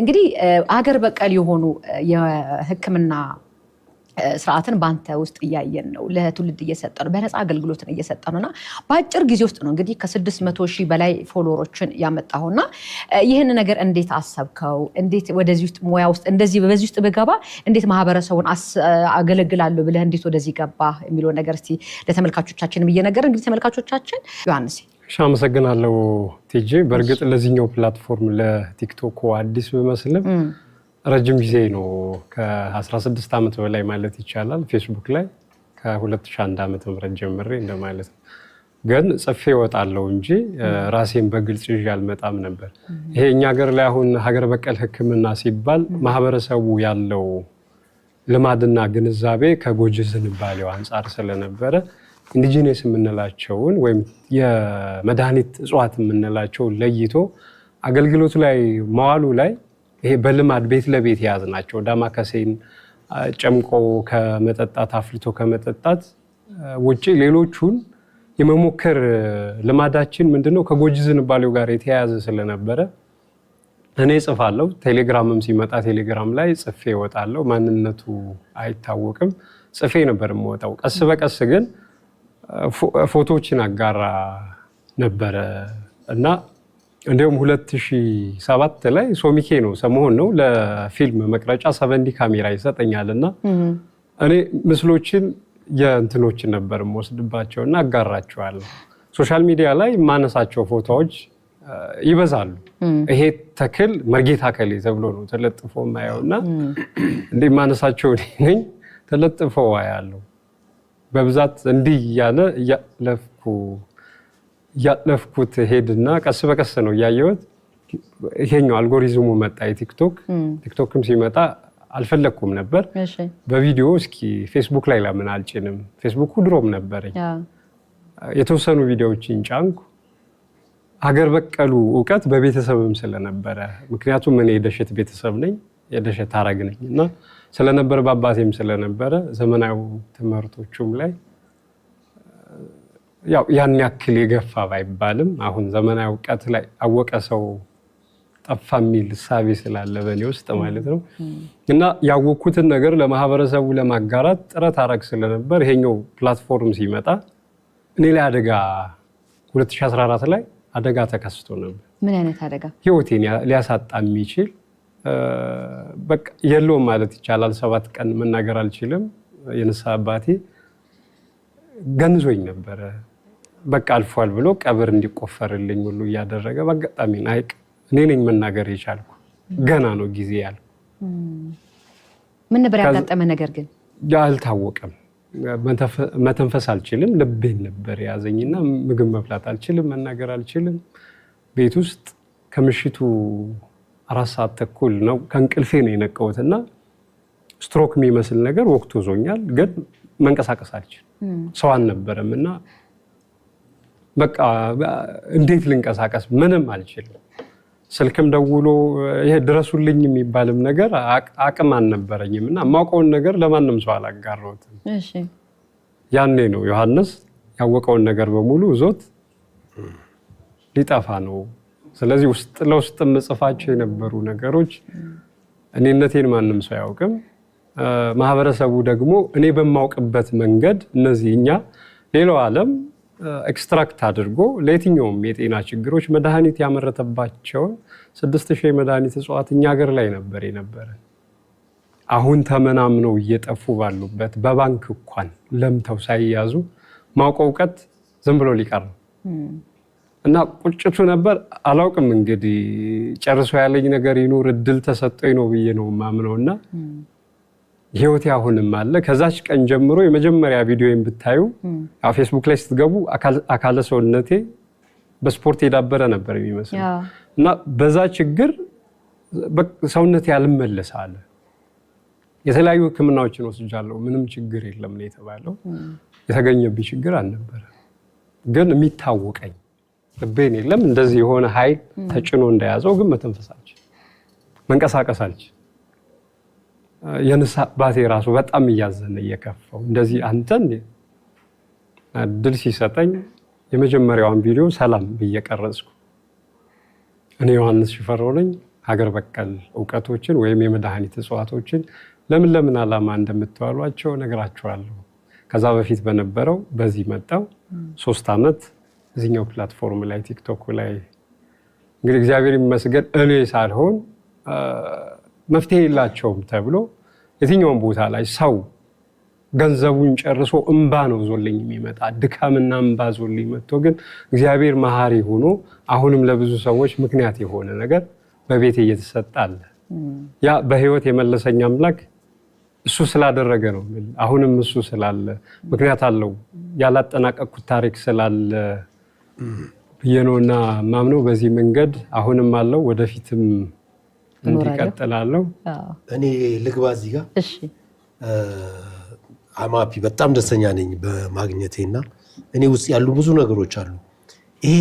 እንግዲህ አገር በቀል የሆኑ የህክምና ስርዓትን በአንተ ውስጥ እያየን ነው። ለትውልድ እየሰጠ ነው፣ በነፃ አገልግሎትን እየሰጠ ነው እና በአጭር ጊዜ ውስጥ ነው እንግዲህ ከስድስት መቶ ሺህ በላይ ፎሎወሮችን ያመጣሁ እና ይህን ነገር እንዴት አሰብከው? እንዴት ወደዚህ ውስጥ ሙያ ውስጥ እንደዚህ በዚህ ውስጥ ብገባ እንዴት ማህበረሰቡን አገለግላለሁ ብለህ እንዴት ወደዚህ ገባ የሚለውን ነገር እስኪ ለተመልካቾቻችንም እየነገር እንግዲህ ተመልካቾቻችን ዮሐንስ እሺ፣ አመሰግናለሁ ቲጂ በእርግጥ ለዚህኛው ፕላትፎርም ለቲክቶክ አዲስ ብመስልም ረጅም ጊዜ ነው፣ ከ16 ዓመት በላይ ማለት ይቻላል። ፌስቡክ ላይ ከ2001 ዓመተ ምህረት ጀምሬ እንደማለት ነው። ግን ጽፌ እወጣለሁ እንጂ ራሴን በግልጽ ይዤ አልመጣም ነበር። ይሄ እኛ ሀገር ላይ አሁን ሀገር በቀል ሕክምና ሲባል ማህበረሰቡ ያለው ልማድና ግንዛቤ ከጎጂ ዝንባሌው አንጻር ስለነበረ ኢንዲጂነስ የምንላቸውን ወይም የመድኃኒት እጽዋት የምንላቸውን ለይቶ አገልግሎት ላይ መዋሉ ላይ ይሄ በልማድ ቤት ለቤት የያዝ ዳማ ዳማከሴን ጨምቆ ከመጠጣት አፍልቶ ከመጠጣት ውጭ ሌሎቹን የመሞከር ልማዳችን ምንድነው ከጎጂ ዝንባሌው ጋር የተያያዘ ስለነበረ እኔ ጽፋለሁ። ቴሌግራምም ሲመጣ ቴሌግራም ላይ ጽፌ እወጣለሁ። ማንነቱ አይታወቅም። ጽፌ ነበር የምወጣው። ቀስ በቀስ ግን ፎቶዎችን አጋራ ነበረ እና እንዲሁም 2007 ላይ ሶሚኬ ነው ሰሞን ነው ለፊልም መቅረጫ ሰቨንዲ ካሜራ ይሰጠኛል እና እኔ ምስሎችን የእንትኖችን ነበር የምወስድባቸው እና አጋራቸዋለሁ። ሶሻል ሚዲያ ላይ የማነሳቸው ፎቶዎች ይበዛሉ። ይሄ ተክል መርጌታ ከሌ ተብሎ ነው ተለጥፎ ማየው እና እንደ የማነሳቸው ነኝ ተለጥፎ አያለሁ። በብዛት እንዲህ እያለ እያለፍኩ እያለፍኩት ሄድና ቀስ በቀስ ነው እያየሁት ይሄኛው አልጎሪዝሙ መጣ። የቲክቶክ ቲክቶክም ሲመጣ አልፈለግኩም ነበር በቪዲዮ እስኪ ፌስቡክ ላይ ለምን አልጭንም? ፌስቡኩ ድሮም ነበረኝ። የተወሰኑ ቪዲዮዎችን ጫንኩ። ሀገር በቀሉ እውቀት በቤተሰብም ስለነበረ ምክንያቱም እኔ የደሸት ቤተሰብ ነኝ የደሸት አረግ ነኝ እና ስለነበረ በአባቴም ስለነበረ ዘመናዊ ትምህርቶቹም ላይ ያው ያን ያክል የገፋ ባይባልም አሁን ዘመናዊ እውቀት ላይ አወቀ ሰው ጠፋ የሚል እሳቤ ስላለ በእኔ ውስጥ ማለት ነው እና ያወቅኩትን ነገር ለማህበረሰቡ ለማጋራት ጥረት አረግ ስለነበር ይሄኛው ፕላትፎርም ሲመጣ እኔ ላይ አደጋ 2014 ላይ አደጋ ተከስቶ ነበር። ምን አይነት አደጋ? ህይወቴን ሊያሳጣ የሚችል በቃ የለውም ማለት ይቻላል። ሰባት ቀን መናገር አልችልም። የንስሐ አባቴ ገንዞኝ ነበረ። በቃ አልፏል ብሎ ቀብር እንዲቆፈርልኝ ሁሉ እያደረገ በአጋጣሚ አይቅ እኔ ነኝ መናገር የቻልኩ ገና ነው ጊዜ ያል ምን ነበር ያጋጠመ ነገር ግን አልታወቀም። መተንፈስ አልችልም። ልቤን ነበር የያዘኝና ምግብ መብላት አልችልም፣ መናገር አልችልም። ቤት ውስጥ ከምሽቱ አራት ሰዓት ተኩል ነው ከእንቅልፌ ነው የነቀውት እና ስትሮክ የሚመስል ነገር ወቅቱ ዞኛል፣ ግን መንቀሳቀስ አልችል ሰው አልነበረም እና በቃ እንዴት ልንቀሳቀስ ምንም አልችልም። ስልክም ደውሎ ይሄ ድረሱልኝ የሚባልም ነገር አቅም አልነበረኝም እና የማውቀውን ነገር ለማንም ሰው አላጋራሁትም። ያኔ ነው ዮሐንስ ያወቀውን ነገር በሙሉ እዞት ሊጠፋ ነው ስለዚህ ውስጥ ለውስጥ የምጽፋቸው የነበሩ ነገሮች እኔነቴን ማንም ሰው አያውቅም። ማህበረሰቡ ደግሞ እኔ በማውቅበት መንገድ እነዚህ እኛ ሌላው ዓለም ኤክስትራክት አድርጎ ለየትኛውም የጤና ችግሮች መድኃኒት ያመረተባቸውን ስድስት ሺህ መድኃኒት እጽዋት እኛ ሀገር ላይ ነበር የነበረ አሁን ተመናምነው እየጠፉ ባሉበት በባንክ እንኳን ለምተው ሳይያዙ ማውቀው እውቀት ዝም ብሎ ሊቀር ነው። እና ቁጭቱ ነበር። አላውቅም እንግዲህ ጨርሶ ያለኝ ነገር ይኖር እድል ተሰጠኝ ነው ብዬ ነው የማምነው። እና ህይወቴ አሁንም አለ። ከዛች ቀን ጀምሮ የመጀመሪያ ቪዲዮን ብታዩ ፌስቡክ ላይ ስትገቡ አካለ ሰውነቴ በስፖርት የዳበረ ነበር የሚመስል እና በዛ ችግር ሰውነቴ ያልመለስ አለ። የተለያዩ ህክምናዎችን ወስጃለሁ። ምንም ችግር የለም ነው የተባለው። የተገኘብኝ ችግር አልነበረ ግን የሚታወቀኝ ልቤን የለም እንደዚህ የሆነ ኃይል ተጭኖ እንደያዘው ግን መተንፈሳች መንቀሳቀሳች የንሳ የንስሐ አባቴ ራሱ በጣም እያዘነ እየከፋው እንደዚህ አንተን ድል ሲሰጠኝ የመጀመሪያዋን ቪዲዮ ሰላም ብዬ ቀረጽኩ። እኔ ዮሐንስ ሽፈራው ነኝ። ሀገር በቀል እውቀቶችን ወይም የመድኃኒት እጽዋቶችን ለምን ለምን ዓላማ እንደምትዋሏቸው ነግራችኋለሁ። ከዛ በፊት በነበረው በዚህ መጣው ሶስት ዓመት እዚኛው ፕላትፎርም ላይ ቲክቶክ ላይ እንግዲህ እግዚአብሔር ይመስገን እኔ ሳልሆን መፍትሄ የላቸውም ተብሎ የትኛውም ቦታ ላይ ሰው ገንዘቡን ጨርሶ እንባ ነው ዞልኝ የሚመጣ ድካምና እንባ ዞልኝ መጥቶ፣ ግን እግዚአብሔር መሀሪ ሆኖ አሁንም ለብዙ ሰዎች ምክንያት የሆነ ነገር በቤት እየተሰጠ አለ። ያ በህይወት የመለሰኝ አምላክ እሱ ስላደረገ ነው። አሁንም እሱ ስላለ ምክንያት አለው። ያላጠናቀቅኩት ታሪክ ስላለ ብዬነውና ማምነው በዚህ መንገድ አሁንም አለው ወደፊትም እንዲቀጥላለው። እኔ ልግባ እዚህ ጋር አማፒ በጣም ደስተኛ ነኝ በማግኘቴ እና እኔ ውስጥ ያሉ ብዙ ነገሮች አሉ። ይሄ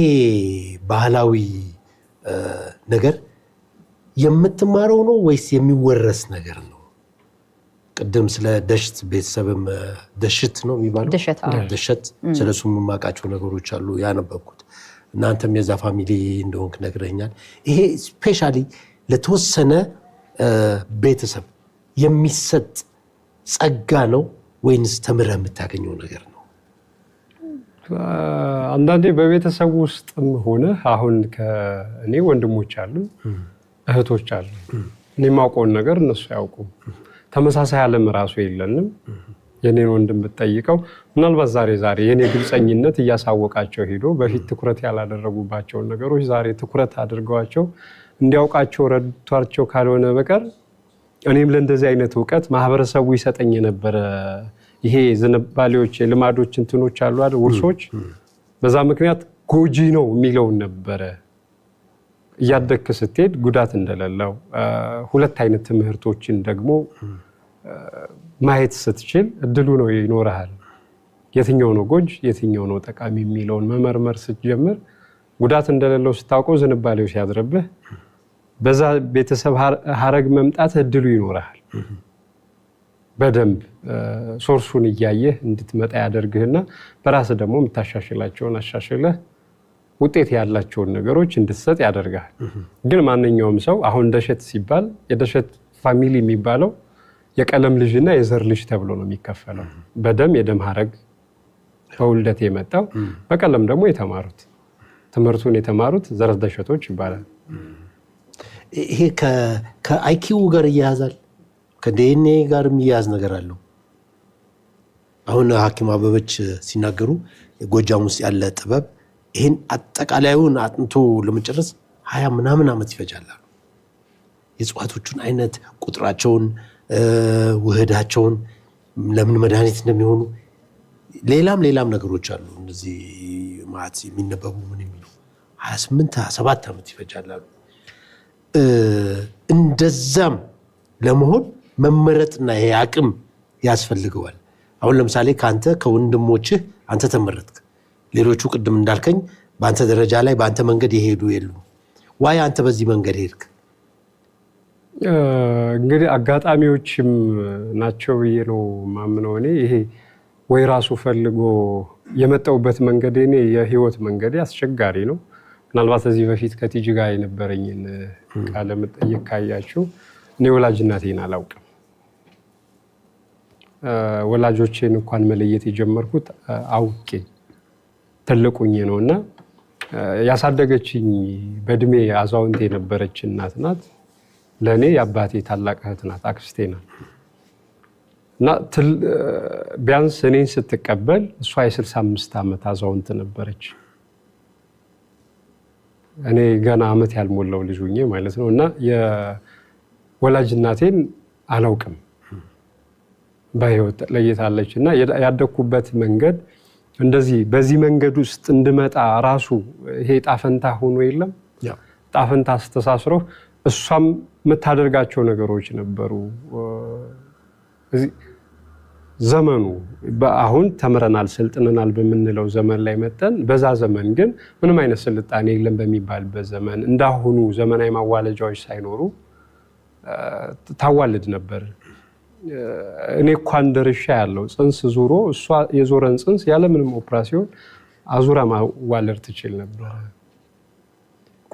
ባህላዊ ነገር የምትማረው ነው ወይስ የሚወረስ ነገር ነው? ቅድም ስለ ደሽት ቤተሰብም ደሽት ነው የሚባለው ደሸት፣ ስለሱ የማውቃቸው ነገሮች አሉ ያነበብኩት። እናንተም የዛ ፋሚሊ እንደሆንክ ነግረኛል። ይሄ ስፔሻሊ ለተወሰነ ቤተሰብ የሚሰጥ ጸጋ ነው ወይንስ ተምረህ የምታገኘው ነገር ነው? አንዳንዴ በቤተሰቡ ውስጥም ሆነ አሁን ከእኔ ወንድሞች አሉ፣ እህቶች አሉ። እኔ የማውቀውን ነገር እነሱ አያውቁም። ተመሳሳይ ዓለም ራሱ የለንም። የኔን ወንድም ብትጠይቀው ምናልባት ዛሬ ዛሬ የኔ ግልፀኝነት እያሳወቃቸው ሄዶ በፊት ትኩረት ያላደረጉባቸውን ነገሮች ዛሬ ትኩረት አድርገዋቸው እንዲያውቃቸው ረድቷቸው ካልሆነ በቀር እኔም ለእንደዚህ አይነት እውቀት ማህበረሰቡ ይሰጠኝ የነበረ ይሄ ዝንባሌዎች፣ የልማዶች እንትኖች አሉ አይደል ውርሶች፣ በዛ ምክንያት ጎጂ ነው የሚለውን ነበረ እያደግክ ስትሄድ ጉዳት እንደሌለው ሁለት አይነት ትምህርቶችን ደግሞ ማየት ስትችል እድሉ ነው ይኖረሃል። የትኛው ነው ጎጅ፣ የትኛው ነው ጠቃሚ የሚለውን መመርመር ስትጀምር ጉዳት እንደሌለው ስታውቀው ዝንባሌው ሲያድርብህ በዛ ቤተሰብ ሀረግ መምጣት እድሉ ይኖረሃል። በደንብ ሶርሱን እያየህ እንድትመጣ ያደርግህና በራስህ ደግሞ የምታሻሽላቸውን አሻሽለህ ውጤት ያላቸውን ነገሮች እንድትሰጥ ያደርጋል። ግን ማንኛውም ሰው አሁን ደሸት ሲባል የደሸት ፋሚሊ የሚባለው የቀለም ልጅና የዘር ልጅ ተብሎ ነው የሚከፈለው። በደም የደም ሀረግ በውልደት የመጣው በቀለም ደግሞ የተማሩት ትምህርቱን የተማሩት ዘረት ደሸቶች ይባላል። ይሄ ከአይኪው ጋር እያያዛል፣ ከዲኤንኤ ጋር የሚያያዝ ነገር አለው። አሁን ሐኪም አበበች ሲናገሩ ጎጃም ውስጥ ያለ ጥበብ ይህን አጠቃላዩን አጥንቶ ለመጨረስ ሀያ ምናምን ዓመት ይፈጃል። የእጽዋቶቹን አይነት፣ ቁጥራቸውን፣ ውህዳቸውን፣ ለምን መድኃኒት እንደሚሆኑ ሌላም ሌላም ነገሮች አሉ። እነዚህ ማት የሚነበቡ ምን የሚሉ ሀያ ስምንት ሀያ ሰባት ዓመት ይፈጃል። እንደዛም ለመሆን መመረጥና ይሄ አቅም ያስፈልገዋል። አሁን ለምሳሌ ከአንተ ከወንድሞችህ አንተ ተመረጥክ። ሌሎቹ ቅድም እንዳልከኝ በአንተ ደረጃ ላይ በአንተ መንገድ የሄዱ የሉ ዋይ አንተ በዚህ መንገድ ሄድክ? እንግዲህ አጋጣሚዎችም ናቸው ብዬ ነው ማምነው። እኔ ይሄ ወይ ራሱ ፈልጎ የመጣውበት መንገድ እኔ የህይወት መንገድ አስቸጋሪ ነው። ምናልባት ከዚህ በፊት ከቲጂ ጋር የነበረኝን ቃለ መጠየቅ ካያችሁ እኔ ወላጅ አላውቅም። ወላጆቼን እንኳን መለየት የጀመርኩት አውቄ ትልቁኝ ነው እና ያሳደገችኝ በእድሜ አዛውንት የነበረች እናት ናት። ለእኔ የአባቴ ታላቅ እህት ናት፣ አክስቴ ናት እና ቢያንስ እኔን ስትቀበል እሷ የ65 ዓመት አዛውንት ነበረች። እኔ ገና ዓመት ያልሞላው ልጅ ሁኜ ማለት ነው እና የወላጅ እናቴን አላውቅም በህይወት ለየታለች። እና ያደግኩበት መንገድ እንደዚህ በዚህ መንገድ ውስጥ እንድመጣ ራሱ ይሄ ጣፈንታ ሆኖ የለም ጣፈንታ አስተሳስሮ እሷም የምታደርጋቸው ነገሮች ነበሩ። ዘመኑ አሁን ተምረናል ሰልጥነናል በምንለው ዘመን ላይ መጠን በዛ ዘመን ግን ምንም አይነት ስልጣኔ የለም በሚባልበት ዘመን እንዳሁኑ ዘመናዊ ማዋለጃዎች ሳይኖሩ ታዋልድ ነበር። እኔ እንኳን ደርሻ ያለው ፅንስ ዙሮ እሷ የዞረን ፅንስ ያለምንም ኦፕራሲዮን አዙራ ማዋለድ ትችል ነበር።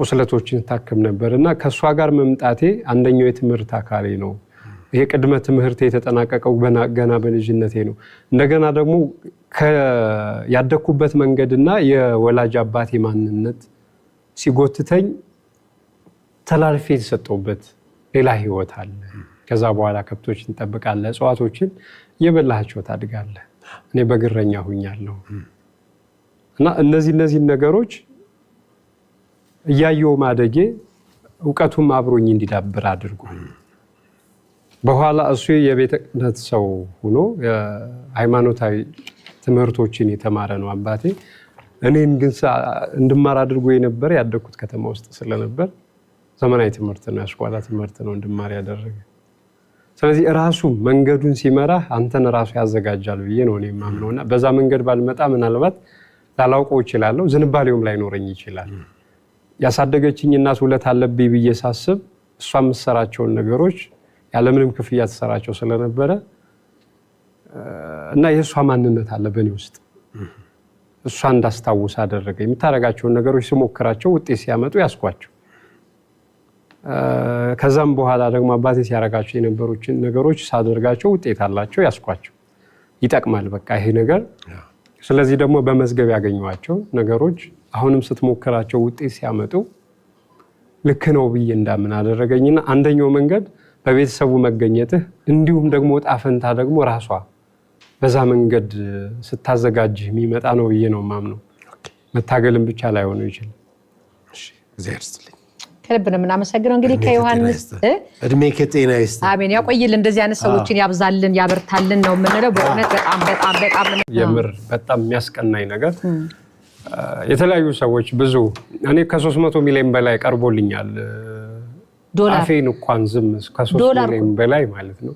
ቁስለቶችን ታክም ነበር እና ከእሷ ጋር መምጣቴ አንደኛው የትምህርት አካሌ ነው። ይሄ ቅድመ ትምህርት የተጠናቀቀው ገና በልጅነቴ ነው። እንደገና ደግሞ ያደግኩበት መንገድና የወላጅ አባቴ ማንነት ሲጎትተኝ ተላልፌ የተሰጠውበት ሌላ ህይወት አለ። ከዛ በኋላ ከብቶችን እንጠብቃለ እጽዋቶችን እየበላቸው ታድጋለህ። እኔ በግረኛ ሁኛለሁ እና እነዚህ እነዚህን ነገሮች እያየው ማደጌ እውቀቱም አብሮኝ እንዲዳብር አድርጎ በኋላ እሱ የቤተ ክህነት ሰው ሆኖ ሃይማኖታዊ ትምህርቶችን የተማረ ነው አባቴ። እኔን ግን እንድማር አድርጎ የነበረ ያደግኩት ከተማ ውስጥ ስለነበር ዘመናዊ ትምህርት ነው፣ ያስኳላ ትምህርት ነው እንድማር ያደረገ ስለዚህ ራሱ መንገዱን ሲመራ አንተን ራሱ ያዘጋጃል ብዬ ነው እኔ የማምነው እና በዛ መንገድ ባልመጣ ምናልባት ላላውቀው እችላለሁ፣ ዝንባሌውም ላይኖረኝ ይችላል። ያሳደገችኝ እናት ውለት አለብኝ ብዬ ሳስብ እሷ የምትሰራቸውን ነገሮች ያለምንም ክፍያ ትሰራቸው ስለነበረ እና የእሷ ማንነት አለ በእኔ ውስጥ እሷ እንዳስታውስ አደረገ። የምታደርጋቸውን ነገሮች ስሞክራቸው ውጤት ሲያመጡ ያስኳቸው ከዛም በኋላ ደግሞ አባቴ ሲያደርጋቸው የነበሩችን ነገሮች ሳደርጋቸው ውጤት አላቸው፣ ያስኳቸው ይጠቅማል፣ በቃ ይሄ ነገር። ስለዚህ ደግሞ በመዝገብ ያገኘኋቸው ነገሮች አሁንም ስትሞክራቸው ውጤት ሲያመጡ ልክ ነው ብዬ እንዳምን አደረገኝና አንደኛው መንገድ በቤተሰቡ መገኘትህ እንዲሁም ደግሞ ጣፈንታ ደግሞ ራሷ በዛ መንገድ ስታዘጋጅ የሚመጣ ነው ብዬ ነው ማምነው። መታገልም ብቻ ላይሆነው ይችላል። ከልብ ነው የምናመሰግነው። እንግዲህ ከዮሐንስ እድሜ ከጤና ይስ አሜን ያቆይልን፣ እንደዚህ አይነት ሰዎችን ያብዛልን፣ ያበርታልን ነው የምንለው። በእውነት በጣም በጣም በጣም የምር በጣም የሚያስቀናኝ ነገር የተለያዩ ሰዎች ብዙ እኔ ከሶስት መቶ ሚሊዮን በላይ ቀርቦልኛል አፌን እንኳን ዝም ከሶስት ሚሊዮን በላይ ማለት ነው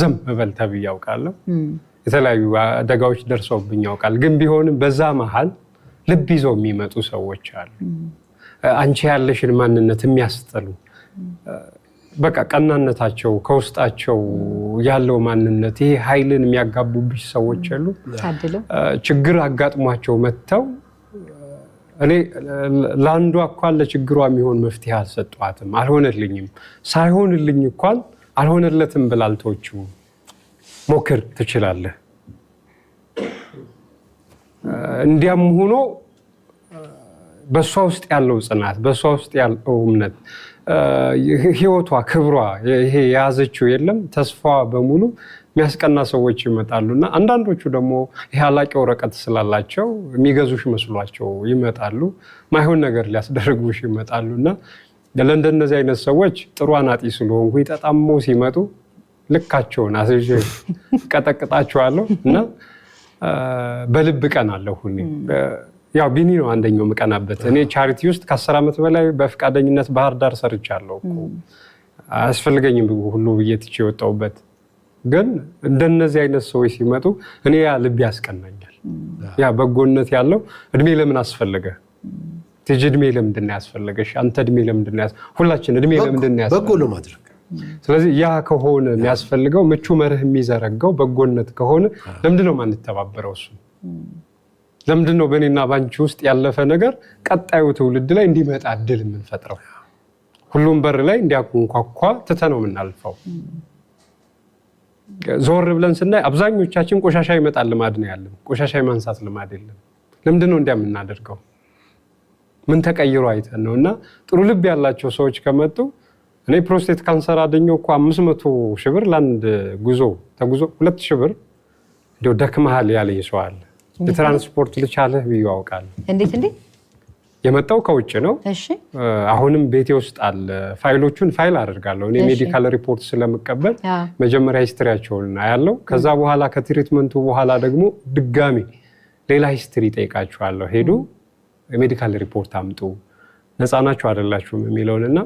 ዝም በል ተብዬ አውቃለሁ። የተለያዩ አደጋዎች ደርሰውብኝ ያውቃል። ግን ቢሆንም በዛ መሀል ልብ ይዘው የሚመጡ ሰዎች አሉ። አንቺ ያለሽን ማንነት የሚያስጠሉ በቃ ቀናነታቸው ከውስጣቸው ያለው ማንነት ይሄ ኃይልን የሚያጋቡብሽ ሰዎች አሉ። ችግር አጋጥሟቸው መጥተው እኔ ለአንዷ እንኳን ለችግሯ የሚሆን መፍትሄ አልሰጧትም፣ አልሆነልኝም፣ ሳይሆንልኝ እንኳን አልሆነለትም ብላ ሞክር ትችላለህ። እንዲያም ሆኖ በእሷ ውስጥ ያለው ጽናት፣ በእሷ ውስጥ ያለው እምነት፣ ህይወቷ፣ ክብሯ ይሄ የያዘችው የለም ተስፋ በሙሉ የሚያስቀና ሰዎች ይመጣሉ እና አንዳንዶቹ ደግሞ ይህ አላቂ ወረቀት ስላላቸው የሚገዙሽ መስሏቸው ይመጣሉ። ማይሆን ነገር ሊያስደርጉሽ ይመጣሉ እና ለእንደነዚህ አይነት ሰዎች ጥሩ አናጢ ስለሆንኩኝ ጠጣሞ ሲመጡ ልካቸውን አስይዤ ቀጠቅጣቸዋለሁ እና በልብ ቀን አለሁ ያው ቢኒ ነው አንደኛው የምቀናበት። እኔ ቻሪቲ ውስጥ ከአስር ዓመት በላይ በፈቃደኝነት ባህር ዳር ሰርቻለሁ። አያስፈልገኝም ሁሉ ብዬ ትቼ ግን እንደነዚህ አይነት ሰዎች ሲመጡ እኔ ያ ልብ ያስቀናኛል። ያ በጎነት ያለው እድሜ ለምን አስፈለገ? ትጅ እድሜ ለምንድን ነው ያስፈለገሽ? አንተ እድሜ ለምንድን ነው ሁላችን እድሜ ለምንድን ነው በጎ ለማድረግ ስለዚህ ያ ከሆነ የሚያስፈልገው ምቹ መርህ የሚዘረጋው በጎነት ከሆነ ለምንድን ነው ማንተባበረው እሱ ለምንድን ነው በእኔና ባንቺ ውስጥ ያለፈ ነገር ቀጣዩ ትውልድ ላይ እንዲመጣ እድል የምንፈጥረው? ሁሉም በር ላይ እንዲያንኳኳ ትተ ነው የምናልፈው። ዞር ብለን ስናይ አብዛኞቻችን ቆሻሻ ይመጣል ልማድ ነው ያለን። ቆሻሻ የማንሳት ልማድ የለም። ለምንድን ነው እንዲያ የምናደርገው? ምን ተቀይሮ አይተን ነው? እና ጥሩ ልብ ያላቸው ሰዎች ከመጡ እኔ ፕሮስቴት ካንሰር አደኘው እኮ አምስት መቶ ሺህ ብር ለአንድ ጉዞ ተጉዞ ሁለት ሺህ ብር እንዲያው ደክመሃል ያለኝ ሰው አለ የትራንስፖርት ልቻለህ ብዬ አውቃለሁ። እንዴት እንዴት የመጣው ከውጭ ነው። አሁንም ቤቴ ውስጥ አለ። ፋይሎቹን ፋይል አደርጋለሁ። እኔ ሜዲካል ሪፖርት ስለምቀበል መጀመሪያ ሂስትሪያቸውን አያለው። ከዛ በኋላ ከትሪትመንቱ በኋላ ደግሞ ድጋሚ ሌላ ሂስትሪ ጠይቃችኋለሁ። ሄዱ የሜዲካል ሪፖርት አምጡ፣ ነፃ ናችሁ አይደላችሁም የሚለውን እና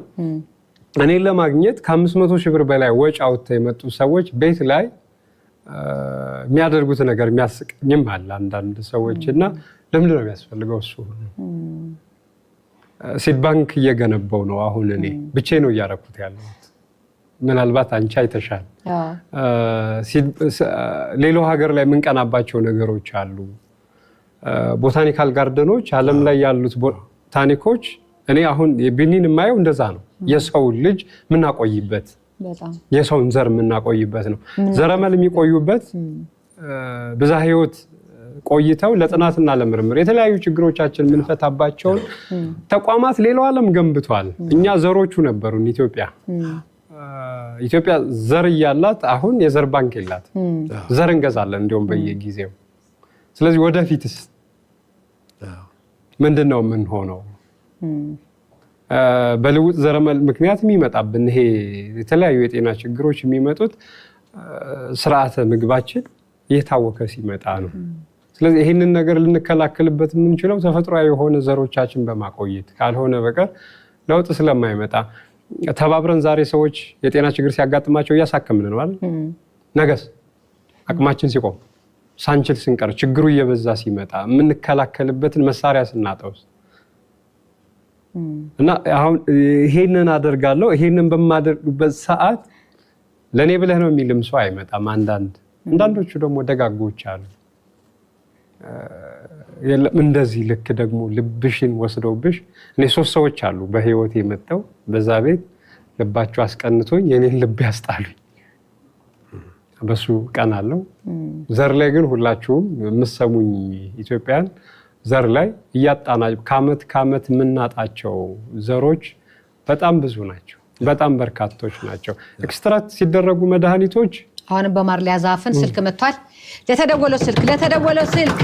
እኔን ለማግኘት ከአምስት መቶ ሺህ ብር በላይ ወጪ አውጥተው የመጡ ሰዎች ቤት ላይ የሚያደርጉት ነገር የሚያስቀኝም አለ አንዳንድ ሰዎች እና ለምንድን ነው የሚያስፈልገው እሱ ሁሉ ሲድ ባንክ እየገነባው ነው። አሁን እኔ ብቼ ነው እያረኩት ያለሁት። ምናልባት አንቺ አይተሻል። ሌላው ሀገር ላይ የምንቀናባቸው ነገሮች አሉ። ቦታኒካል ጋርደኖች አለም ላይ ያሉት ቦታኒኮች እኔ አሁን ቢኒን የማየው እንደዛ ነው። የሰው ልጅ ምናቆይበት የሰውን ዘር የምናቆይበት ነው። ዘረመል የሚቆዩበት ብዛ ህይወት ቆይተው ለጥናትና ለምርምር የተለያዩ ችግሮቻችን የምንፈታባቸውን ተቋማት ሌላው ዓለም ገንብቷል። እኛ ዘሮቹ ነበሩን። ኢትዮጵያ ኢትዮጵያ ዘር እያላት አሁን የዘር ባንክ የላት። ዘር እንገዛለን እንዲሁም በየጊዜው። ስለዚህ ወደፊትስ ምንድን ነው የምንሆነው? በልውጥ ዘረመል ምክንያት የሚመጣብን ይሄ የተለያዩ የጤና ችግሮች የሚመጡት ስርዓተ ምግባችን እየታወከ ሲመጣ ነው። ስለዚህ ይህንን ነገር ልንከላከልበት የምንችለው ተፈጥሯዊ የሆነ ዘሮቻችን በማቆየት ካልሆነ በቀር ለውጥ ስለማይመጣ ተባብረን ዛሬ ሰዎች የጤና ችግር ሲያጋጥማቸው እያሳከምን ነው ነገስ አቅማችን ሲቆም ሳንችል ስንቀር ችግሩ እየበዛ ሲመጣ የምንከላከልበትን መሳሪያ ስናጠውስ እና አሁን ይሄንን አደርጋለሁ ይሄንን በማደርግበት ሰዓት ለእኔ ብለህ ነው የሚልም ሰው አይመጣም። አንዳንድ አንዳንዶቹ ደግሞ ደጋጎች አሉ። የለም እንደዚህ ልክ ደግሞ ልብሽን ወስደውብሽ። እኔ ሶስት ሰዎች አሉ በህይወት የመጠው በዛ ቤት ልባቸው አስቀንቶኝ የኔን ልብ ያስጣሉኝ በሱ ቀን አለው። ዘር ላይ ግን ሁላችሁም የምሰሙኝ ኢትዮጵያን ዘር ላይ እያጣና ከአመት ከአመት የምናጣቸው ዘሮች በጣም ብዙ ናቸው። በጣም በርካቶች ናቸው። ኤክስትራክት ሲደረጉ መድኃኒቶች አሁንም በማር ሊያዛፍን ስልክ መጥቷል። ለተደወለው ስልክ ለተደወለው ስልክ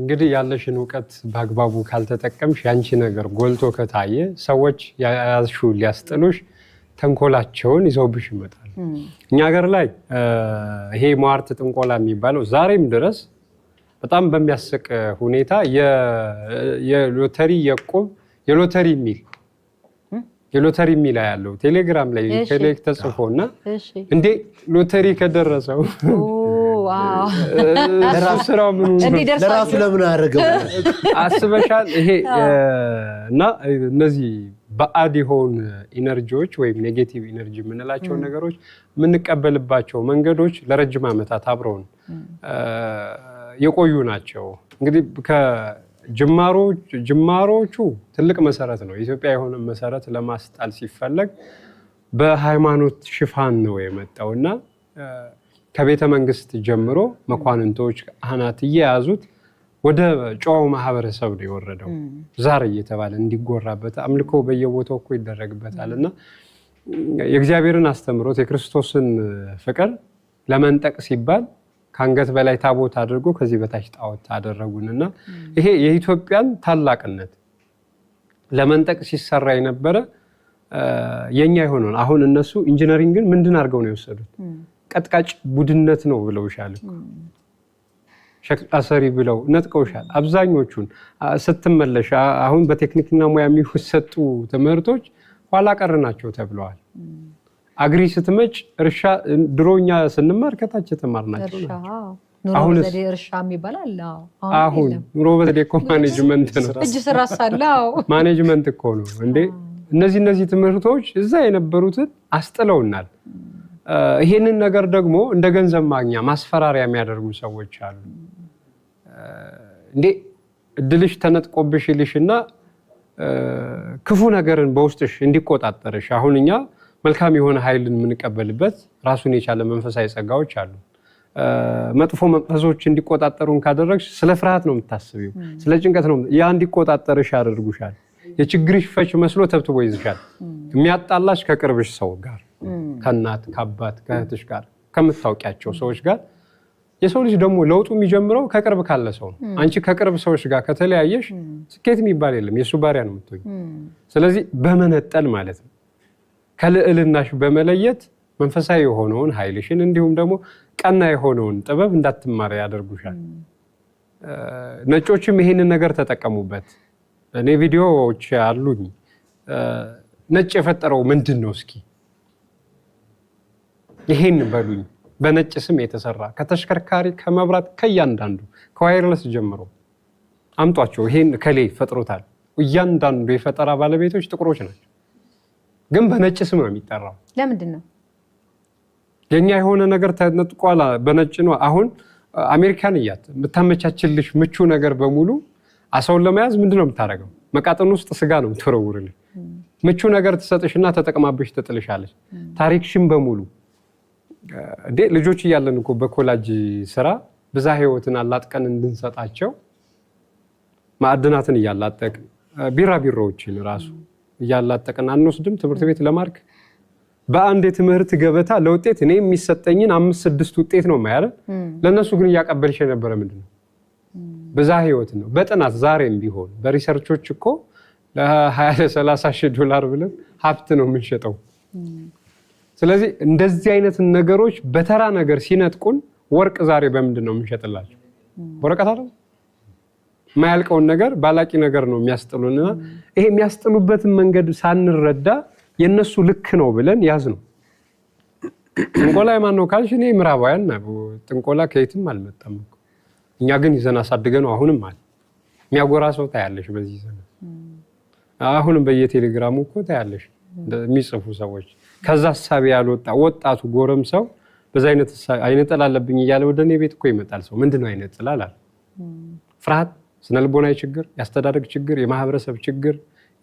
እንግዲህ ያለሽን እውቀት በአግባቡ ካልተጠቀምሽ ያንቺ ነገር ጎልቶ ከታየ ሰዎች ያያሹ ሊያስጥሉሽ ተንኮላቸውን ይዘውብሽ ይመጣል። እኛ ሀገር ላይ ይሄ ሟርት ጥንቆላ የሚባለው ዛሬም ድረስ በጣም በሚያስቅ ሁኔታ የሎተሪ የቆብ የሎተሪ ሚል የሎተሪ ሚል ያለው ቴሌግራም ላይ ቴሌክ ተጽፎ እና እንዴ ሎተሪ ከደረሰው ስራው ምን ለራሱ ለምን አያደርገው አስበሻል? ይሄ እና እነዚህ በአድ የሆን ኢነርጂዎች ወይም ኔጌቲቭ ኢነርጂ የምንላቸው ነገሮች የምንቀበልባቸው መንገዶች ለረጅም ዓመታት አብረውን የቆዩ ናቸው። እንግዲህ ከጅማሮቹ ትልቅ መሰረት ነው። ኢትዮጵያ የሆነ መሰረት ለማስጣል ሲፈለግ በሃይማኖት ሽፋን ነው የመጣው እና ከቤተ መንግስት ጀምሮ መኳንንቶች፣ ካህናት እየያዙት ወደ ጨዋው ማህበረሰብ ነው የወረደው። ዛር እየተባለ እንዲጎራበት አምልኮ በየቦታው እኮ ይደረግበታል እና የእግዚአብሔርን አስተምሮት የክርስቶስን ፍቅር ለመንጠቅ ሲባል ከአንገት በላይ ታቦት አድርጎ ከዚህ በታች ጣዖት አደረጉንና ይሄ የኢትዮጵያን ታላቅነት ለመንጠቅ ሲሰራ የነበረ የኛ የሆነውን አሁን እነሱ ኢንጂነሪንግን ምንድን አድርገው ነው የወሰዱት? ቀጥቃጭ ቡድነት ነው ብለውሻል። ሸቅጣ ሰሪ ብለው ነጥቀውሻል። አብዛኞቹን ስትመለሽ አሁን በቴክኒክና ሙያ የሚሰጡ ትምህርቶች ኋላ ቀር ናቸው ተብለዋል። አግሪ ስትመጭ እርሻ ድሮ እኛ ስንማር ከታች የተማር ናቸው። ኑሮ በዘዴ እርሻ አሁን ኑሮ በዘዴ እኮ ማኔጅመንት ነው፣ እጅ ስራ ማኔጅመንት እኮ ነው እንዴ። እነዚህ እነዚህ ትምህርቶች እዛ የነበሩትን አስጥለውናል። ይሄንን ነገር ደግሞ እንደ ገንዘብ ማግኛ ማስፈራሪያ የሚያደርጉ ሰዎች አሉ። እንዴ እድልሽ ተነጥቆብሽ እና ክፉ ነገርን በውስጥሽ እንዲቆጣጠርሽ አሁን እኛ መልካም የሆነ ኃይልን የምንቀበልበት ራሱን የቻለ መንፈሳዊ ጸጋዎች አሉ። መጥፎ መንፈሶች እንዲቆጣጠሩን ካደረግሽ ስለ ፍርሃት ነው የምታስቢው፣ ስለ ጭንቀት ነው። ያ እንዲቆጣጠርሽ ያደርጉሻል። የችግርሽ ፈች መስሎ ተብትቦ ይዝሻል። የሚያጣላሽ ከቅርብሽ ሰው ጋር፣ ከእናት ከአባት ከእህትሽ ጋር፣ ከምታውቂያቸው ሰዎች ጋር። የሰው ልጅ ደግሞ ለውጡ የሚጀምረው ከቅርብ ካለ ሰው ነው። አንቺ ከቅርብ ሰዎች ጋር ከተለያየሽ ስኬት የሚባል የለም፣ የእሱ ባሪያ ነው የምትሆኝ። ስለዚህ በመነጠል ማለት ነው ከልዕልናሽ በመለየት መንፈሳዊ የሆነውን ኃይልሽን እንዲሁም ደግሞ ቀና የሆነውን ጥበብ እንዳትማሪ ያደርጉሻል። ነጮችም ይሄንን ነገር ተጠቀሙበት። እኔ ቪዲዮዎች አሉኝ። ነጭ የፈጠረው ምንድን ነው? እስኪ ይሄን በሉኝ። በነጭ ስም የተሰራ ከተሽከርካሪ፣ ከመብራት፣ ከእያንዳንዱ ከዋይርለስ ጀምሮ አምጧቸው። ይሄን ከሌ ፈጥሮታል። እያንዳንዱ የፈጠራ ባለቤቶች ጥቁሮች ናቸው። ግን በነጭ ስም ነው የሚጠራው። ለምንድን ነው የእኛ የሆነ ነገር ተነጥቋላ? በነጭ ነው። አሁን አሜሪካን እያት የምታመቻችልሽ ምቹ ነገር በሙሉ አሳውን ለመያዝ ምንድን ነው የምታደርገው? መቃጥን ውስጥ ስጋ ነው የምትወረውርልሽ። ምቹ ነገር ትሰጥሽና ተጠቅማብሽ ትጥልሻለች። ታሪክሽን በሙሉ እንዴ ልጆች እያለን እኮ በኮላጅ ስራ ብዛ ህይወትን አላጥቀን እንድንሰጣቸው ማዕድናትን እያላጠቅ ቢራቢሮዎችን ራሱ እያላጠቅን አንወስድም። ትምህርት ቤት ለማርክ በአንድ የትምህርት ገበታ ለውጤት እኔ የሚሰጠኝን አምስት ስድስት ውጤት ነው ማያለ ለእነሱ ግን እያቀበልሽ የነበረ ምንድን ነው? በዛ ህይወት ነው በጥናት ዛሬም ቢሆን በሪሰርቾች እኮ ለሀያ ለሰላሳ ሺህ ዶላር ብለን ሀብት ነው የምንሸጠው። ስለዚህ እንደዚህ አይነት ነገሮች በተራ ነገር ሲነጥቁን ወርቅ ዛሬ በምንድን ነው የምንሸጥላቸው? ወረቀት አይደል የማያልቀውን ነገር ባላቂ ነገር ነው የሚያስጥሉን ይሄ የሚያስጥሉበትን መንገድ ሳንረዳ የእነሱ ልክ ነው ብለን ያዝ ነው። ጥንቆላ የማን ነው ካልሽ እኔ ምዕራባውያን ጥንቆላ ከየትም አልመጣም። እኛ ግን ይዘን አሳድገ ነው አሁንም አለ የሚያጎራ ሰው ታያለሽ። በዚህ ዘመን አሁንም በየቴሌግራሙ እኮ ታያለሽ የሚጽፉ ሰዎች ከዛ ሀሳቢ ያልወጣ ወጣቱ ጎረም ሰው በዛ አይነት አይነጠል አለብኝ እያለ ወደ እኔ ቤት እኮ ይመጣል። ሰው ምንድን ነው አይነጥል ፍርሃት ስነልቦናዊ ችግር፣ የአስተዳደግ ችግር፣ የማህበረሰብ ችግር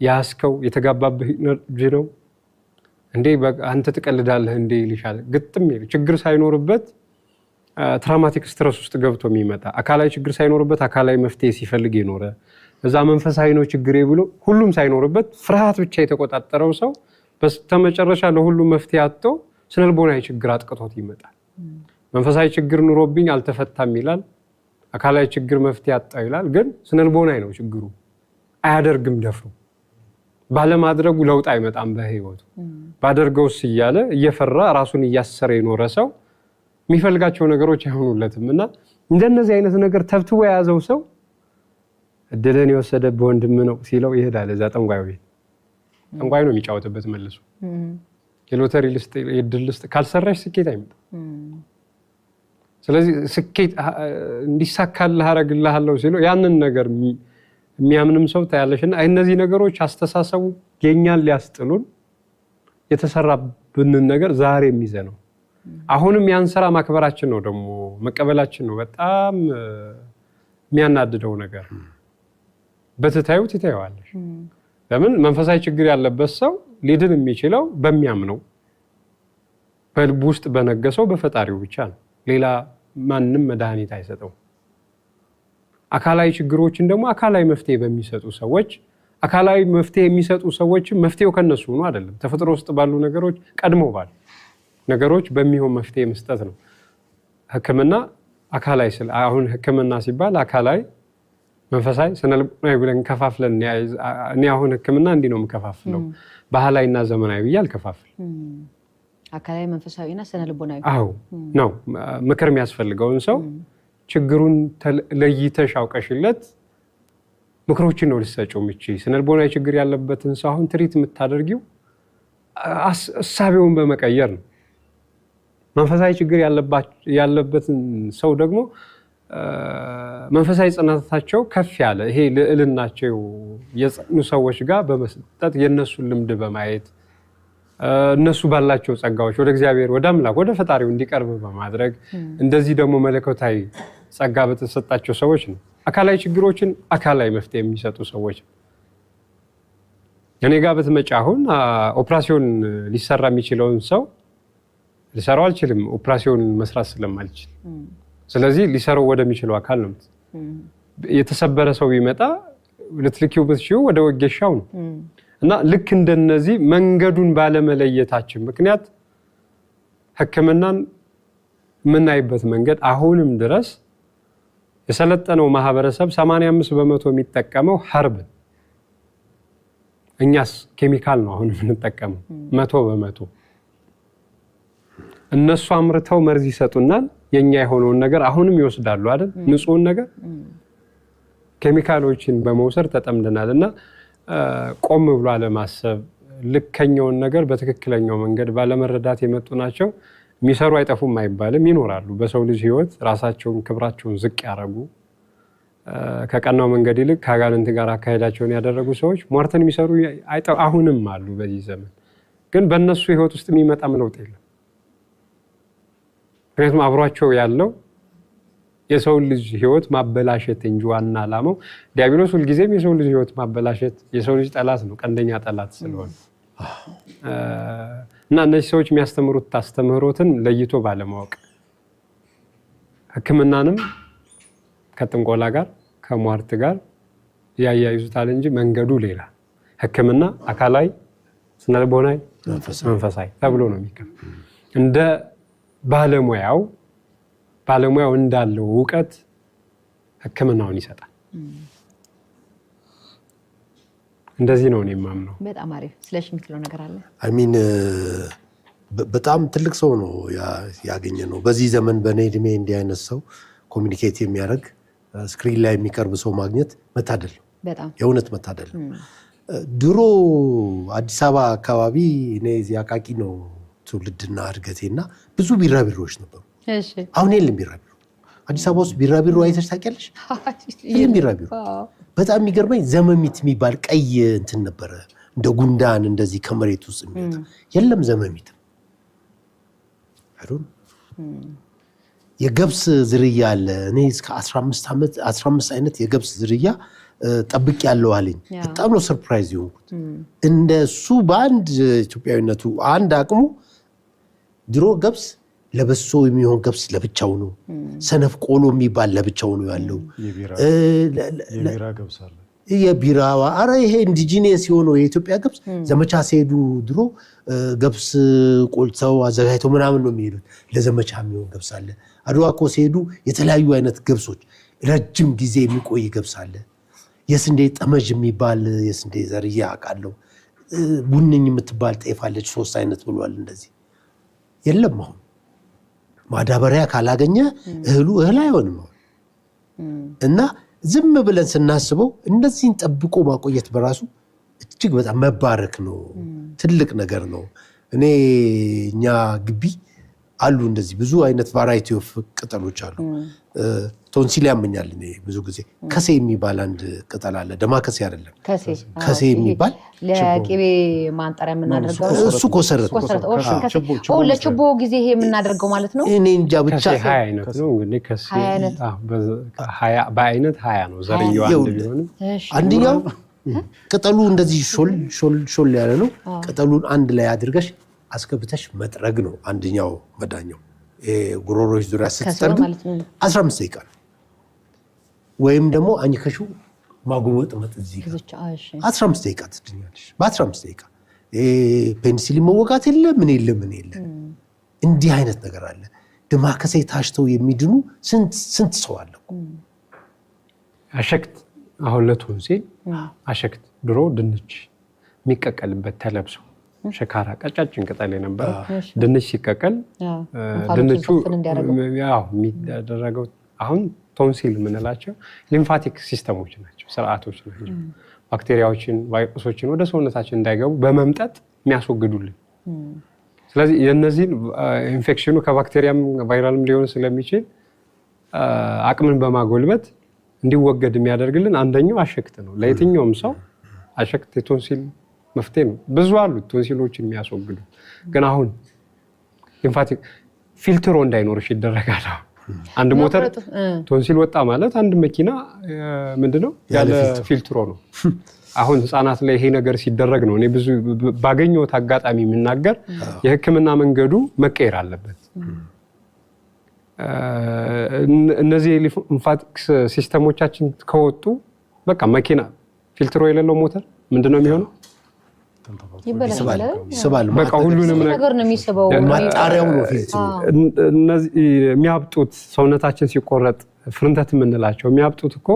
ያስከው የተጋባብህ ኢነርጂ ነው እንዴ አንተ ትቀልዳለህ እንዴ ይልሻል። ግጥም ችግር ሳይኖርበት ትራማቲክ ስትረስ ውስጥ ገብቶ የሚመጣ አካላዊ ችግር ሳይኖርበት አካላዊ መፍትሄ ሲፈልግ የኖረ እዛ መንፈሳዊ ነው ችግሬ ብሎ ሁሉም ሳይኖርበት ፍርሃት ብቻ የተቆጣጠረው ሰው በስተመጨረሻ ለሁሉም መፍትሄ አጥቶ ስነልቦናዊ ችግር አጥቅቶት ይመጣል። መንፈሳዊ ችግር ኑሮብኝ አልተፈታም ይላል። አካላዊ ችግር መፍትሄ አጣ ይላል፣ ግን ስነልቦናዊ ነው ችግሩ። አያደርግም ደፍሮ ባለማድረጉ ለውጥ አይመጣም በህይወቱ። ባደርገውስ እያለ እየፈራ ራሱን እያሰረ የኖረ ሰው የሚፈልጋቸው ነገሮች አይሆኑለትም እና እንደነዚህ አይነት ነገር ተብትቦ የያዘው ሰው እድልን የወሰደ በወንድም ነው ሲለው ይሄዳል እዛ ጠንቋይ ቤት። ጠንቋይ ነው የሚጫወትበት መልሱ። የሎተሪ ልስጥ የድል ልስጥ ካልሰራሽ ስኬት አይመጣም። ስለዚህ ስኬት እንዲሳካልህ አደርግልሃለሁ ሲሉ ያንን ነገር የሚያምንም ሰው ና እነዚህ ነገሮች አስተሳሰቡ የእኛን ሊያስጥሉን የተሰራብንን ነገር ዛሬ የሚዘ ነው። አሁንም ያን ስራ ማክበራችን ነው ደግሞ መቀበላችን ነው በጣም የሚያናድደው ነገር። በትታዩ ትታየዋለሽ። ለምን መንፈሳዊ ችግር ያለበት ሰው ሊድን የሚችለው በሚያምነው በልብ ውስጥ በነገሰው በፈጣሪው ብቻ ነው። ሌላ ማንም መድኃኒት አይሰጠው። አካላዊ ችግሮችን ደግሞ አካላዊ መፍትሄ በሚሰጡ ሰዎች አካላዊ መፍትሄ የሚሰጡ ሰዎችም መፍትሄው ከነሱ ሆኖ አይደለም፣ ተፈጥሮ ውስጥ ባሉ ነገሮች ቀድሞ ባሉ ነገሮች በሚሆን መፍትሄ መስጠት ነው። ሕክምና አካላዊ አሁን ሕክምና ሲባል አካላዊ፣ መንፈሳዊ፣ ስነልቦናዊ ብለን ከፋፍለን እኔ አሁን ሕክምና እንዲህ ነው የምከፋፍለው፣ ባህላዊና ዘመናዊ ብዬ አልከፋፍል አካላዊ መንፈሳዊና ስነ ልቦናዊ አዎ ነው ምክር የሚያስፈልገውን ሰው ችግሩን ለይተሽ አውቀሽለት ምክሮችን ነው ልሰጪው ምች ስነ ልቦናዊ ችግር ያለበትን ሰው አሁን ትሪት የምታደርጊው እሳቤውን በመቀየር ነው መንፈሳዊ ችግር ያለበትን ሰው ደግሞ መንፈሳዊ ጽናታቸው ከፍ ያለ ይሄ ልዕልናቸው የጸኑ ሰዎች ጋር በመስጠት የእነሱን ልምድ በማየት እነሱ ባላቸው ጸጋዎች ወደ እግዚአብሔር ወደ አምላክ ወደ ፈጣሪው እንዲቀርብ በማድረግ እንደዚህ ደግሞ መለኮታዊ ጸጋ በተሰጣቸው ሰዎች ነው። አካላዊ ችግሮችን አካላዊ መፍትሄ የሚሰጡ ሰዎች እኔ ጋር ብትመጪ አሁን ኦፕራሲዮን ሊሰራ የሚችለውን ሰው ሊሰራው አልችልም፣ ኦፕራሲዮን መስራት ስለማልችል። ስለዚህ ሊሰራው ወደሚችለው አካል ነው። የተሰበረ ሰው ቢመጣ ልትልኪው ምትችው ወደ ወጌሻው ነው እና ልክ እንደነዚህ መንገዱን ባለመለየታችን ምክንያት ሕክምናን የምናይበት መንገድ አሁንም ድረስ የሰለጠነው ማህበረሰብ 85 በመቶ የሚጠቀመው ሀርብ እኛስ ኬሚካል ነው አሁን የምንጠቀመው መቶ በመቶ። እነሱ አምርተው መርዝ ይሰጡናል። የኛ የሆነውን ነገር አሁንም ይወስዳሉ አይደል? ንጹህን ነገር ኬሚካሎችን በመውሰድ ተጠምደናል እና ቆም ብሎ አለማሰብ፣ ልከኛውን ነገር በትክክለኛው መንገድ ባለመረዳት የመጡ ናቸው። የሚሰሩ አይጠፉም አይባልም፣ ይኖራሉ። በሰው ልጅ ህይወት ራሳቸውን ክብራቸውን ዝቅ ያደረጉ ከቀናው መንገድ ይልቅ ከአጋንንት ጋር አካሄዳቸውን ያደረጉ ሰዎች ሟርተን የሚሰሩ አሁንም አሉ። በዚህ ዘመን ግን በእነሱ ህይወት ውስጥ የሚመጣም ለውጥ የለም። ምክንያቱም አብሯቸው ያለው የሰውን ልጅ ህይወት ማበላሸት እንጂ ዋና ዓላማው ዲያብሎስ ሁልጊዜም የሰው ልጅ ህይወት ማበላሸት የሰው ልጅ ጠላት ነው፣ ቀንደኛ ጠላት ስለሆነ እና እነዚህ ሰዎች የሚያስተምሩት አስተምህሮትን ለይቶ ባለማወቅ ሕክምናንም ከጥንቆላ ጋር ከሟርት ጋር ያያይዙታል እንጂ መንገዱ ሌላ። ሕክምና አካላዊ፣ ስነልቦናዊ፣ መንፈሳዊ ተብሎ ነው የሚከ እንደ ባለሙያው ባለሙያው እንዳለው እውቀት ህክምናውን ይሰጣል። እንደዚህ ነው እኔ የማምነው። በጣም አሪፍ። ስለሽ የምትለው ነገር አለ? አሚን በጣም ትልቅ ሰው ነው ያገኘ ነው። በዚህ ዘመን በእኔ እድሜ እንዲህ አይነት ሰው ኮሚኒኬት የሚያደርግ ስክሪን ላይ የሚቀርብ ሰው ማግኘት መታደል ነው፣ የእውነት መታደል ነው። ድሮ አዲስ አበባ አካባቢ እኔ አቃቂ ነው ትውልድና እድገቴ እና ብዙ ቢራቢሮዎች ነበሩ አሁን የለም ቢራቢሮ። አዲስ አበባ ውስጥ ቢራቢሮ አይተሽ ታውቂያለሽ? የለም ቢራቢሮ። በጣም የሚገርመኝ ዘመሚት የሚባል ቀይ እንትን ነበረ፣ እንደ ጉንዳን እንደዚህ ከመሬት ውስጥ የሚወጣ የለም ዘመሚት። የገብስ ዝርያ አለ። እኔ እስከ 15 አይነት የገብስ ዝርያ ጠብቅ ያለው አለኝ። በጣም ነው ሰርፕራይዝ የሆንኩት። እንደ እንደሱ በአንድ ኢትዮጵያዊነቱ አንድ አቅሙ ድሮ ገብስ ለበሶ የሚሆን ገብስ ለብቻው ነው። ሰነፍ ቆሎ የሚባል ለብቻው ነው ያለው። የቢራዋ አረ ይሄ ኢንዲጂኒየስ የሆነው የኢትዮጵያ ገብስ ዘመቻ ሲሄዱ ድሮ ገብስ ቆልተው አዘጋጅተው ምናምን ነው የሚሄዱት። ለዘመቻ የሚሆን ገብስ አለ። አድዋ እኮ ሲሄዱ የተለያዩ አይነት ገብሶች፣ ረጅም ጊዜ የሚቆይ ገብስ አለ። የስንዴ ጠመዥ የሚባል የስንዴ ዘርያ አውቃለሁ። ቡንኝ የምትባል ጤፍ አለች። ሶስት አይነት ብሏል። እንደዚህ የለም አሁን ማዳበሪያ ካላገኘ እህሉ እህል አይሆንም። እና ዝም ብለን ስናስበው እነዚህን ጠብቆ ማቆየት በራሱ እጅግ በጣም መባረክ ነው፣ ትልቅ ነገር ነው። እኔ እኛ ግቢ አሉ እንደዚህ ብዙ አይነት ቫራይቲ ኦፍ ቅጠሎች አሉ። ቶንሲል ያመኛል ብዙ ጊዜ። ከሴ የሚባል አንድ ቅጠል አለ። ደማ ከሴ አይደለም፣ ከሴ የሚባል ለቅቤ ማንጠሪያ የምናደርገው እሱ ኮሰረት፣ ለችቦ ጊዜ ይሄ የምናደርገው ማለት ነው። እኔ እንጃ ብቻ ሀያ በአይነት ሀያ ነው ዘርየው አንድኛው ቅጠሉ እንደዚህ ሾል ሾል ያለ ነው። ቅጠሉን አንድ ላይ አድርገሽ አስገብተሽ መጥረግ ነው አንድኛው መዳኛው ጉሮሮች ዙሪያ አስራ አምስት ደቂቃ ነው። ወይም ደግሞ አኝከሹ ማጎወጥ መጥ እዚህ አስራ አምስት ደቂቃ ትድኛለሽ በአስራ አምስት ደቂቃ ፔኒሲሊን መወጋት የለ ምን የለ ምን የለ። እንዲህ አይነት ነገር አለ። ደማከሴ ታሽተው የሚድኑ ስንት ሰው አለ። አሸክት አሁን ለቶንሲል አሸክት ድሮ ድንች የሚቀቀልበት ተለብሰው ሸካራ ቀጫጭን ቅጠል የነበረ ድንች ሲቀቀል ድንቹ የሚደረገው አሁን ቶንሲል የምንላቸው ሊምፋቲክ ሲስተሞች ናቸው፣ ስርዓቶች ናቸው። ባክቴሪያዎችን፣ ቫይረሶችን ወደ ሰውነታችን እንዳይገቡ በመምጠጥ የሚያስወግዱልን። ስለዚህ የነዚህን ኢንፌክሽኑ ከባክቴሪያም ቫይራልም ሊሆን ስለሚችል አቅምን በማጎልበት እንዲወገድ የሚያደርግልን አንደኛው አሸክት ነው። ለየትኛውም ሰው አሸክት የቶንሲል መፍትሄ ነው። ብዙ አሉ ቶንሲሎችን የሚያስወግዱ ግን አሁን ኢንፋክት ፊልትሮ እንዳይኖርሽ ይደረጋል። አንድ ሞተር ቶንሲል ወጣ ማለት አንድ መኪና ምንድነው ያለ ፊልትሮ ነው። አሁን ህጻናት ላይ ይሄ ነገር ሲደረግ ነው እኔ ብዙ ባገኘሁት አጋጣሚ የምናገር የህክምና መንገዱ መቀየር አለበት። እነዚህ ኢንፋቲክስ ሲስተሞቻችን ከወጡ በቃ መኪና ፊልትሮ የሌለው ሞተር ምንድነው የሚሆነው? ይስባል። የሚያብጡት ሰውነታችን ሲቆረጥ ፍርንተት የምንላቸው የሚያብጡት እኮ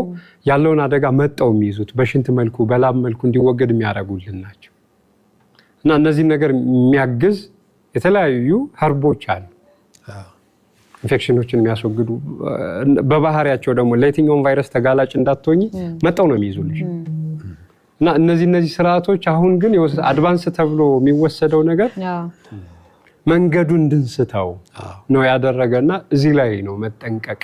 ያለውን አደጋ መጠው የሚይዙት በሽንት መልኩ በላብ መልኩ እንዲወገድ የሚያደርጉልን ናቸው። እና እነዚህን ነገር የሚያግዝ የተለያዩ ሀርቦች አሉ ኢንፌክሽኖችን የሚያስወግዱ በባህሪያቸው ደግሞ ለየትኛውም ቫይረስ ተጋላጭ እንዳትሆኝ መጠው ነው የሚይዙልሽ። እና እነዚህ እነዚህ ስርዓቶች አሁን ግን አድቫንስ ተብሎ የሚወሰደው ነገር መንገዱ እንድንስተው ነው ያደረገና እዚህ ላይ ነው መጠንቀቅ